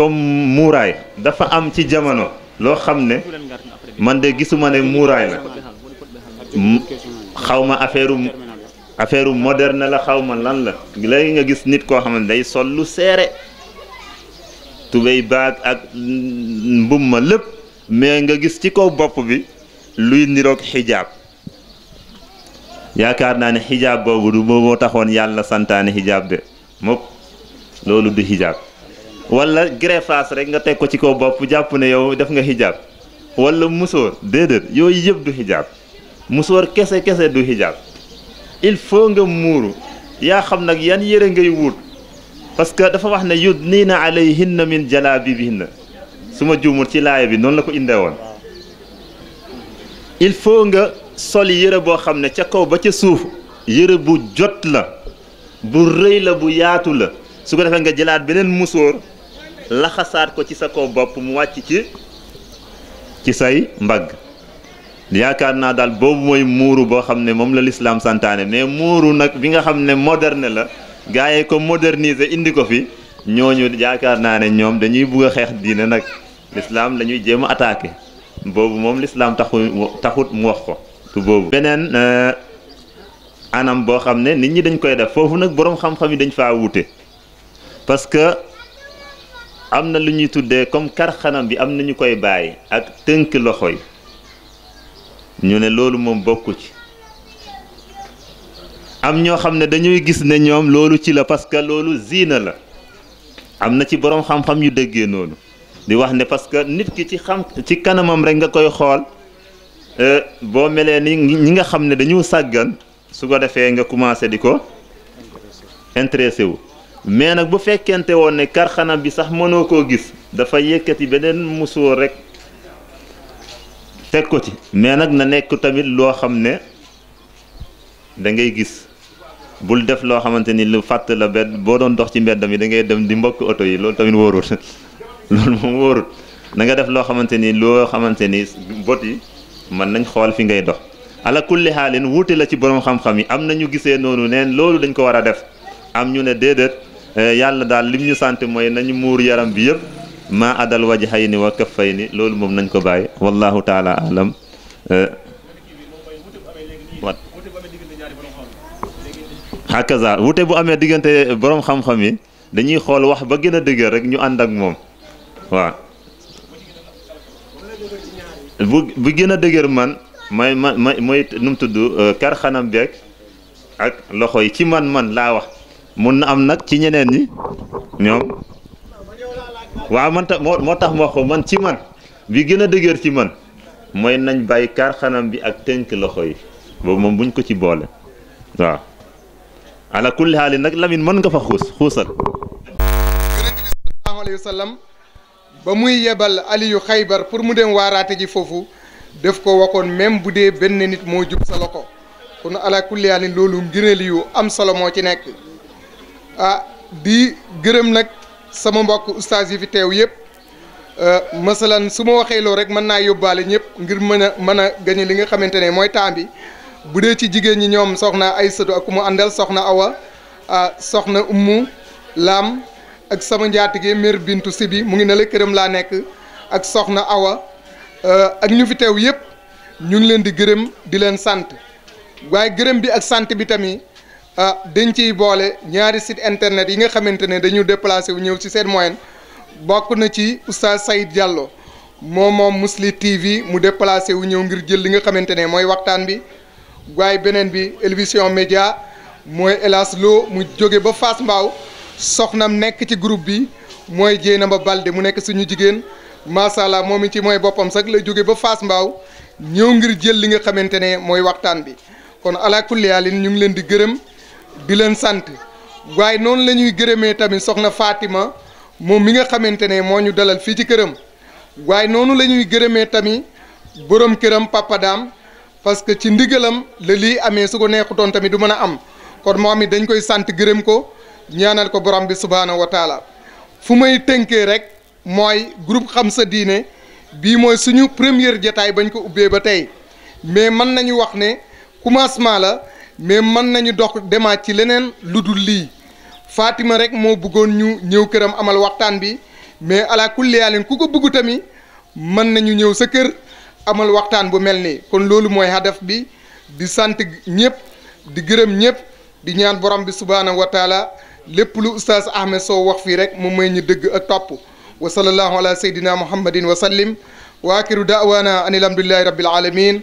comme muuraay dafa am ci jamono loo xam ne man de gisuma ne muuraay la xaw ma affaire affaire moderne la xaw ma lan la léegi nga gis nit koo xam ne day sol lu seere tubéy baag ak mbum ma lépp mais nga gis ci kaw bopp bi luy niroog xijaab yaakaar naa ne xijaab boobu du moo taxoon yàlla santaane xijaab de mopp loolu du xijaab wala greffage rek nga teg ko ci kaw bopp jàpp ne yow def nga xijaab wala musóor déedéet yooyu yëpp du xijaab musóor kese kese du xijaab il faut nga muuru yaa xam nag yan yére ngay wut parce que dafa wax ne nii na yudniina bi min jalaabibihinna su ma juumul ci laaya bi noonu la ko indee woon il faut nga sol yére boo xam ne ca kaw ba ca suuf yére bu jot la bu rëy la bu yaatu la su ko defee nga jëlaat beneen musóor laxasaat ko ci sa ko bopp mu wàcc ci ci say mbagg yaakaar naa daal boobu mooy muuru boo xam ne moom la lislaam santaane mais muuru nag bi nga xam ne moderne la gars yee ko moderniser indi ko fi ñooñu yaakaar naa ne ñoom dañuy bugg a xeex diine nag lislaam lañuy ñuy jéem a attaqué boobu moom lislaam taxu taxut mu wax ko tu boobu beneen euh, anam boo xam ne nit ñi dañ koy def foofu nag boroom xam-xam yi dañ faa wute parce am na lu ñuy tuddee comme kar xanam bi am na ñu koy bàyyi ak tënk loxo yi ñu ne loolu moom bokku ci am ñoo xam ne dañuy gis ne ñoom loolu ci la parce que loolu ziina la am na ci boroom xam-xam yu déggee noonu di wax ne parce que nit ki ci xam ci kanamam rek nga koy xool euh, boo melee ni ñi nga xam ne dañu sàggan su ko defee nga commencé di ko intéressé wu mais nag bu fekkente woon ne karxana bi sax mënoo koo gis dafa yëkkati beneen musóor rek teg ko ci mais nag na nekk tamit loo xam ne dangay gis bul def loo xamante ni lu fàtt la bet boo doon dox ci mbedd mi da ngay dem di mbokk oto yi loolu tamit wóorul loolu moom wóorul na nga def loo xamante ni loo xamante ni bot yi mën nañ xool fi ngay dox ala kulli xaalin wuute la ci boroom xam-xam yi am na ñu gisee noonu neen loolu dañ ko war a def am ñu ne déedéet Eh, yàlla daal lim ñu sant mooy nañu muur yaram bi yëpp maa adal wajhayni wa kaffayni loolu moom nañ ko bàyyi wallahu taala alam eh, wat hakaza wute bu amee diggante boroom xam-xam yi dañuy xool wax ba gën a dëgër rek ñu ànd ak moom waaw bu bu gën a dëgër man may ma may mooy nu tudd eh, kar xanam beeg ak loxo yi ci man man laa wax mun na am nag ci ñeneen ñi ñoom waaw man tam moo moo tax ma wax ko man ci man bi gën a dëgër ci man mooy nañ bàyyi kaar xanam bi ak tënk loxo yi boobu moom buñ ko ci boole waaw ala kulli haali nag Lamine mën nga fa xuus xuusal yonent bi sallallahu alayhi wa sallam ba muy yebal Aliyu Xaybar pour mu dem waaraate ji foofu daf ko waxoon même bu dee benn nit moo jub sa loxo kon ala kulli haali loolu ngëneel yu am solo moo ci nekk ah di gërëm nag sama mbokk ustaas yi fi teew yëpp ah, masalan su ma waxee loo rek mën naa yóbbaale ñëpp ngir mën a mën a gañe li nga xamante ne mooy temps bi bu dee ci jigéen ñi ñoom soxna ay sëtu ak mu àndal soxna awa ah soxna ummu laam ak sama njaatige mère bintu sibi mu ngi ne la këram laa nekk ak soxna awa ah, ak ñu fi teew yëpp ñu ngi leen di gërëm di leen sant waaye gërëm bi ak sant bi tamit ah dañ ciy boole ñaari site internet yi nga xamante ne dañu déplacé wu ñëw ci seen moyen bokk na ci oustaz Saïd Diallo moom moom Mousli TV mu déplacé wu ñëw ngir jël li nga xamante ne mooy waxtaan bi waaye beneen bi Elvision Média mooy Elas Lo mu jóge ba Fass Mbao soxnam nekk ci groupe bi mooy Dieynaba Balde mu nekk suñu jigéen macha allah moom it ci mooy boppam sax la jóge ba fas Mbao ñëw ngir jël li nga xamante ne mooy waxtaan bi kon alaakulli ñu ngi leen di gërëm. di leen sant waaye noonu la ñuy gërëmee tamit soxna Fatima moom mi nga xamante ne moo ñu dalal fii ci këram waaye noonu la ñuy gërëmee tamit borom këram papa daam parce que ci ndigalam la lii amee su ko neexu neexutoon tamit du mën a am kon moom it dañ koy sant gërëm ko ñaanal ko borom bi subhaanahu wa fu may tënkee rek mooy groupe xam sa diine bii mooy suñu première jataay bañ ko ubbee ba tey mais mën nañu wax ne commencement la. mais mën nañu dox demaat ci leneen lu dul lii Fatima rek moo buggoon ñu ñëw këram amal waxtaan bi mais ala kulli yaalin ku ko bëgg tamit mën nañu ñëw sa kër amal waxtaan bu mel nii kon loolu mooy hadaf bi di sant ñëpp di gërëm ñëpp di ñaan borom bi subhaanahu wa taala lépp lu oustaz Ahmed soo wax fii rek mu may ñu dëgg ak topp wa sallallahu ala sayyidina muhammadin wa waa wa akiru da'wana anil hamdulillahi rabbil alamin